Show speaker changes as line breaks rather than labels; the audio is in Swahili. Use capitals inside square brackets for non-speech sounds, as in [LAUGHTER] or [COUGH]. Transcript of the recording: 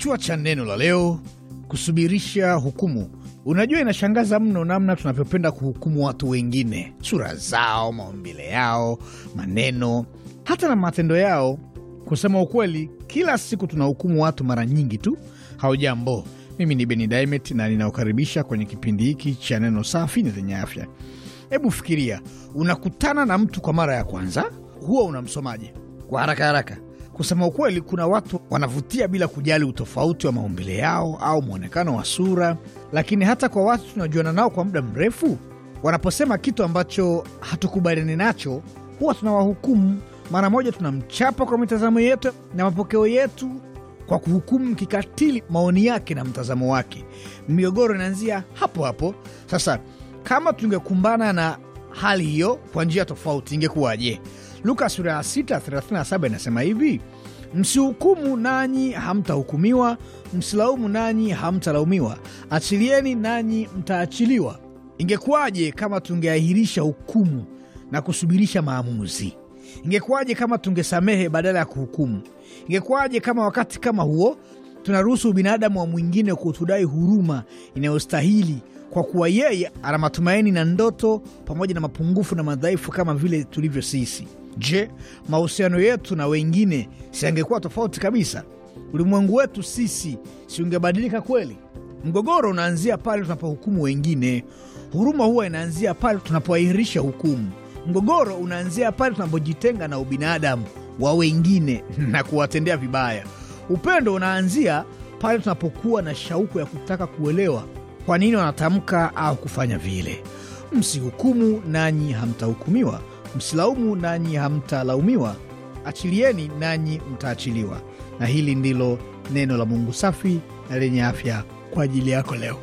Kichwa cha neno la leo: kusubirisha hukumu. Unajua, inashangaza mno namna tunavyopenda kuhukumu watu wengine, sura zao, maumbile yao, maneno, hata na matendo yao. Kusema ukweli, kila siku tunahukumu watu mara nyingi tu. Haujambo, mimi ni Beni Dimet na ninaokaribisha kwenye kipindi hiki cha neno safi na lenye afya. Hebu fikiria, unakutana na mtu kwa mara ya kwanza, huwa unamsomaje? Kwa haraka haraka Kusema ukweli, kuna watu wanavutia bila kujali utofauti wa maumbile yao au mwonekano wa sura, lakini hata kwa watu tunajuana nao kwa muda mrefu, wanaposema kitu ambacho hatukubaliani nacho, huwa tunawahukumu mara moja. Tunamchapa kwa mitazamo yetu na mapokeo yetu, kwa kuhukumu kikatili maoni yake na mtazamo wake. Migogoro inaanzia hapo hapo. Sasa kama tungekumbana na hali hiyo kwa njia tofauti, ingekuwaje? Luka sura ya 6:37 inasema hivi: msihukumu nanyi hamtahukumiwa, msilaumu nanyi hamtalaumiwa, achilieni nanyi mtaachiliwa. Ingekuwaje kama tungeahirisha hukumu na kusubirisha maamuzi? Ingekuwaje kama tungesamehe badala ya kuhukumu? Ingekuwaje kama wakati kama huo tunaruhusu ubinadamu wa mwingine kutudai huruma inayostahili kwa kuwa yeye ana matumaini na ndoto pamoja na mapungufu na madhaifu kama vile tulivyo sisi? Je, mahusiano yetu na wengine si yangekuwa tofauti kabisa? Ulimwengu wetu sisi si ungebadilika kweli? Mgogoro unaanzia pale tunapohukumu wengine. Huruma huwa inaanzia pale tunapoahirisha hukumu. Mgogoro unaanzia pale tunapojitenga na ubinadamu wa wengine [LAUGHS] na kuwatendea vibaya. Upendo unaanzia pale tunapokuwa na shauku ya kutaka kuelewa kwa nini wanatamka au kufanya vile. Msihukumu nanyi hamtahukumiwa, msilaumu nanyi hamtalaumiwa, achilieni nanyi mtaachiliwa. Na hili ndilo neno la Mungu safi na lenye afya kwa ajili yako leo.